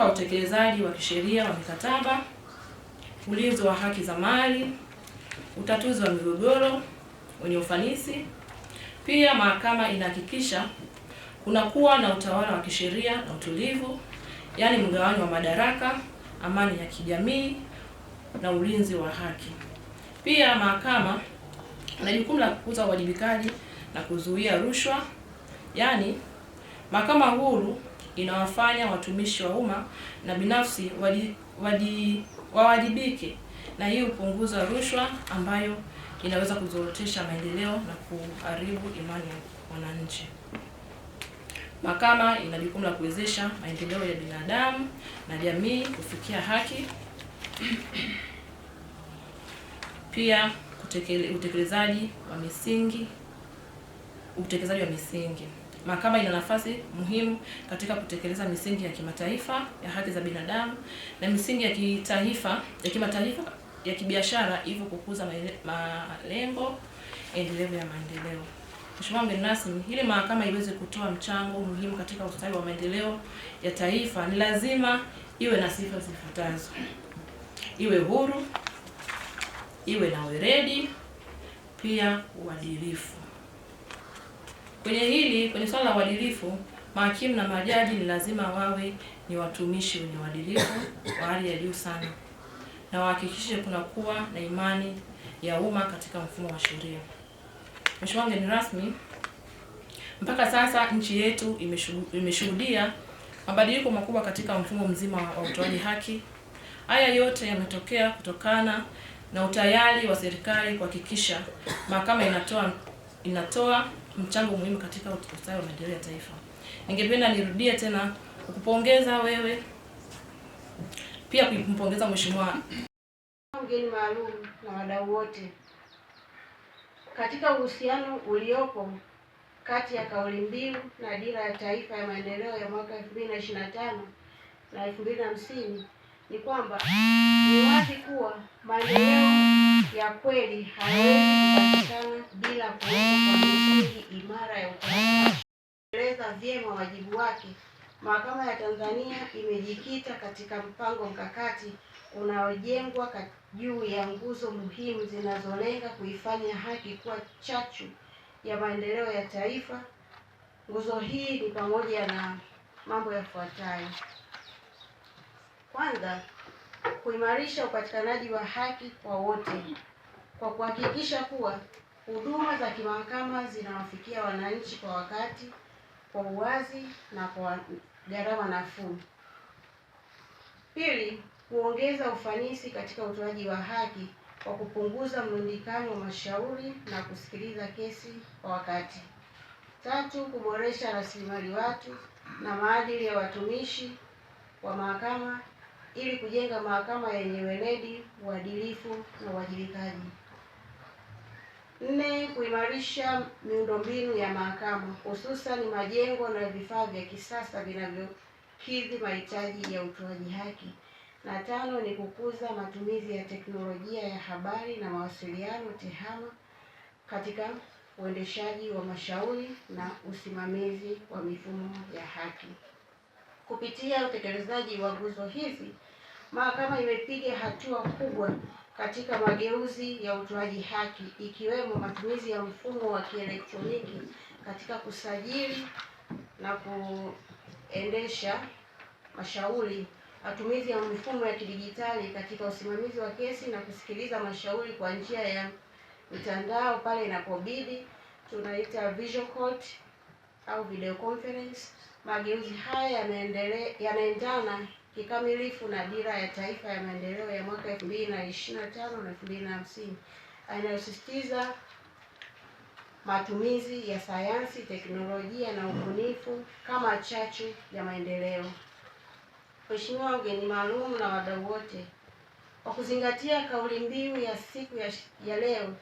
mwafaka utekelezaji wa kisheria wa mikataba, ulinzi wa haki za mali, utatuzi wa migogoro wenye ufanisi. Pia mahakama inahakikisha kuna kuwa na utawala wa kisheria na utulivu, yaani mgawanyo wa madaraka, amani ya kijamii na ulinzi wa haki. Pia mahakama ina jukumu la kukuza uwajibikaji na kuzuia rushwa, yaani mahakama huru inawafanya watumishi wa umma na binafsi wadi, wadi, wawajibike, na hii hupunguza rushwa ambayo inaweza kuzorotesha maendeleo na kuharibu imani ya wananchi. Mahakama ina jukumu la kuwezesha maendeleo ya binadamu na jamii kufikia haki pia utekelezaji wa misingi utekelezaji wa misingi Mahakama ina nafasi muhimu katika kutekeleza misingi ya kimataifa ya haki za binadamu na misingi ya kitaifa ya kimataifa ya kibiashara, hivyo kukuza malengo endelevu ya maendeleo. Mheshimiwa mgeni rasmi, ili mahakama iweze kutoa mchango muhimu katika ustawi wa maendeleo ya taifa, ni lazima iwe na sifa zifuatazo: iwe huru, iwe na weredi pia uadilifu. Kwenye hili kwenye swala la uadilifu, mahakimu na majaji ni lazima wawe ni watumishi wenye uadilifu wa hali ya juu sana, na wahakikishe kunakuwa na imani ya umma katika mfumo wa sheria. Mheshimiwa mgeni rasmi, mpaka sasa nchi yetu imeshuhudia mabadiliko makubwa katika mfumo mzima wa utoaji haki. Haya yote yametokea kutokana na utayari wa serikali kuhakikisha mahakama inatoa inatoa mchango muhimu katika ustawi wa maendeleo ya taifa. Ningependa nirudie tena kukupongeza wewe, pia kumpongeza mheshimiwa mgeni maalum na wadau wote katika uhusiano uliopo kati ya kauli mbiu na dira ya taifa ya maendeleo ya mwaka 2025 na 2050 ni kwamba ni wazi kuwa maendeleo ya kweli hayawezi vyema wajibu wake, Mahakama ya Tanzania imejikita katika mpango mkakati unaojengwa juu ya nguzo muhimu zinazolenga kuifanya haki kuwa chachu ya maendeleo ya taifa. Nguzo hii ni pamoja na mambo yafuatayo: kwanza, kuimarisha upatikanaji wa haki kwa wote kwa kuhakikisha kuwa huduma za kimahakama zinawafikia wananchi kwa wakati kwa uwazi na kwa gharama nafuu. Pili, kuongeza ufanisi katika utoaji wa haki kwa kupunguza mlundikano wa mashauri na kusikiliza kesi kwa wakati. Tatu, kuboresha rasilimali watu na maadili ya watumishi wa mahakama ili kujenga mahakama yenye weledi, uadilifu na uwajibikaji. Nne, kuimarisha miundombinu ya mahakama hususan majengo na vifaa vya kisasa vinavyokidhi mahitaji ya utoaji haki. Na tano, ni kukuza matumizi ya teknolojia ya habari na mawasiliano TEHAMA katika uendeshaji wa mashauri na usimamizi wa mifumo ya haki. Kupitia utekelezaji wa nguzo hizi, mahakama imepiga hatua kubwa katika mageuzi ya utoaji haki ikiwemo matumizi ya mfumo wa kielektroniki katika kusajili na kuendesha mashauri, matumizi ya mifumo ya kidijitali katika usimamizi wa kesi na kusikiliza mashauri kwa njia ya mitandao pale inapobidi, tunaita visual court au video conference. Mageuzi haya yanaendana kikamilifu na Dira ya Taifa ya Maendeleo ya mwaka 2025 na 2050 inayosisitiza matumizi ya sayansi, teknolojia na ubunifu kama chachu ya maendeleo. Mheshimiwa mgeni maalum na wadau wote, kwa kuzingatia kauli mbiu ya siku ya, ya leo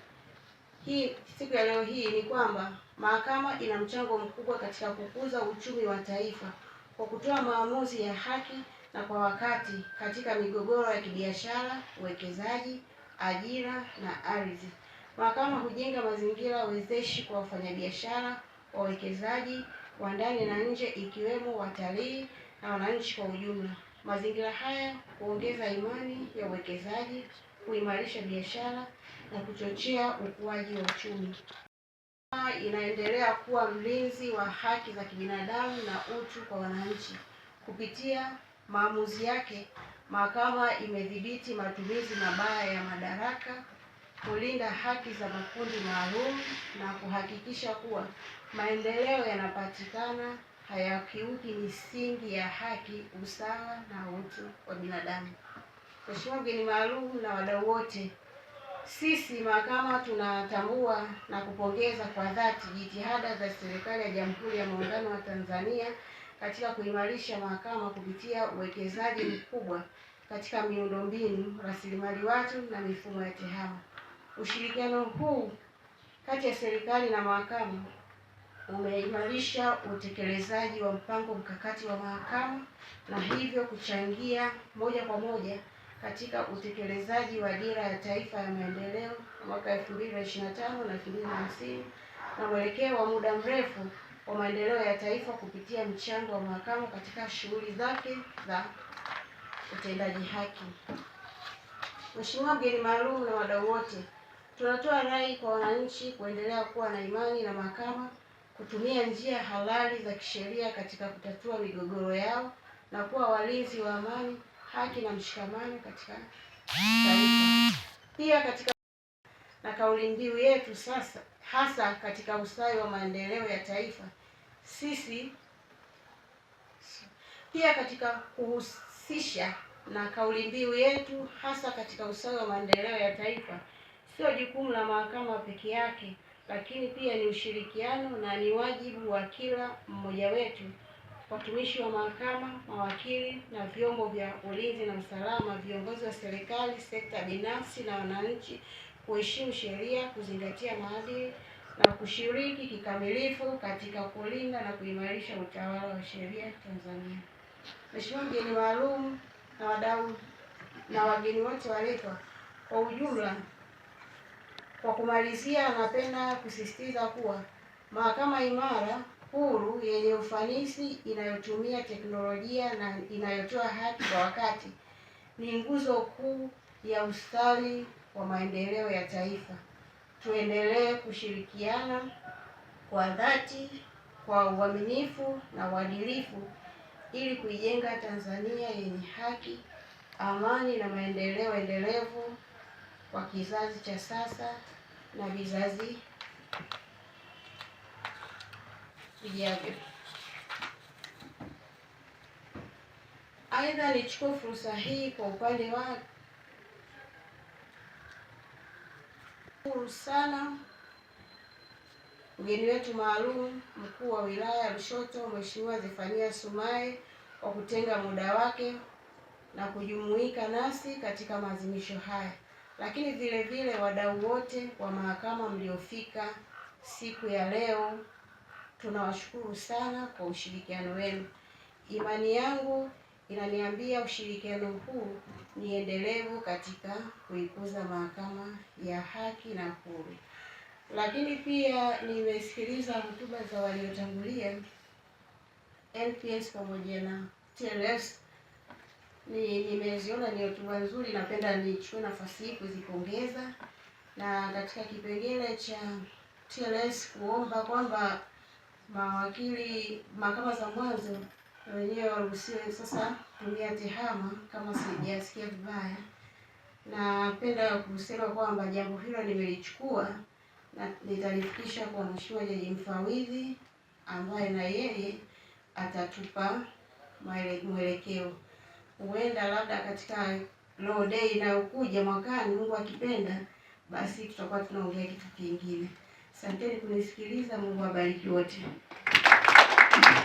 hii siku ya leo hii ni kwamba mahakama ina mchango mkubwa katika kukuza uchumi wa taifa kwa kutoa maamuzi ya haki na kwa wakati katika migogoro ya kibiashara, uwekezaji, ajira na ardhi. Mahakama hujenga mazingira wezeshi kwa wafanyabiashara, wawekezaji wa ndani na nje, ikiwemo watalii na wananchi kwa ujumla. Mazingira haya huongeza imani ya uwekezaji, kuimarisha biashara na kuchochea ukuaji wa uchumi. Inaendelea kuwa mlinzi wa haki za kibinadamu na utu kwa wananchi kupitia maamuzi yake, mahakama imedhibiti matumizi mabaya ya madaraka, kulinda haki za makundi maalum na kuhakikisha kuwa maendeleo yanapatikana hayakiuki misingi ya haki, usawa na utu wa binadamu. Mheshimiwa mgeni maalum na wadau wote, sisi mahakama tunatambua na kupongeza kwa dhati jitihada za serikali ya Jamhuri ya Muungano wa Tanzania katika kuimarisha mahakama kupitia uwekezaji mkubwa katika miundombinu, rasilimali watu na mifumo ya tehama. Ushirikiano huu kati ya serikali na mahakama umeimarisha utekelezaji wa mpango mkakati wa mahakama na hivyo kuchangia moja kwa moja katika utekelezaji wa Dira ya Taifa ya Maendeleo mwaka 2025 na 2050 na mwelekeo wa muda mrefu wa maendeleo ya taifa kupitia mchango wa mahakama katika shughuli zake za utendaji haki. Mheshimiwa mgeni maalum na wadau wote, tunatoa rai kwa wananchi kuendelea kuwa na imani na mahakama, kutumia njia halali za kisheria katika kutatua migogoro yao na kuwa walinzi wa amani, haki na mshikamano katika taifa. Pia katika na kauli mbiu yetu sasa hasa katika ustawi wa maendeleo ya taifa. Sisi pia katika kuhusisha na kauli mbiu yetu hasa katika ustawi wa maendeleo ya taifa, sio jukumu la mahakama peke yake, lakini pia ni ushirikiano na ni wajibu wa kila mmoja wetu, watumishi wa mahakama, mawakili na vyombo vya ulinzi na usalama, viongozi wa serikali, sekta binafsi na wananchi kuheshimu sheria, kuzingatia maadili na kushiriki kikamilifu katika kulinda na kuimarisha utawala wa sheria Tanzania. Mheshimiwa mgeni maalum na wadau na wageni wote waletwa kwa ujumla, kwa kumalizia, napenda kusisitiza kuwa mahakama imara, huru, yenye ufanisi, inayotumia teknolojia na inayotoa haki kwa wakati ni nguzo kuu ya ustawi kwa maendeleo ya taifa. Tuendelee kushirikiana kwa dhati, kwa uaminifu na uadilifu ili kuijenga Tanzania yenye haki, amani na maendeleo endelevu kwa kizazi cha sasa na vizazi vijavyo. Aidha, nichukue fursa hii kwa upande wa Tunamshukuru sana mgeni wetu maalum mkuu wa wilaya ya Lushoto, Mheshimiwa Zefania Sumaye kwa kutenga muda wake na kujumuika nasi katika maadhimisho haya, lakini vile vile wadau wote wa mahakama mliofika siku ya leo tunawashukuru sana kwa ushirikiano wenu. Imani yangu inaniambia ushirikiano huu ni endelevu katika kuikuza mahakama ya haki na huru. Lakini pia nimesikiliza hotuba za waliotangulia NPS pamoja na TLS, ni nimeziona ni hotuba nzuri. Napenda nichukue nafasi hii kuzipongeza, na katika kipengele cha TLS kuomba kwamba mawakili mahakama za mwanzo wenyewe waruhusiwe sasa kutumia tehama kama sijasikia vibaya. Napenda kusema kwamba jambo hilo nimelichukua na nitalifikisha kwa mheshimiwa jaji mfawidhi ambaye na yeye atatupa mwelekeo. Huenda labda katika law day inayokuja mwakani, Mungu akipenda, basi tutakuwa tunaongea kitu kingine. Asanteni kunisikiliza. Mungu awabariki wote.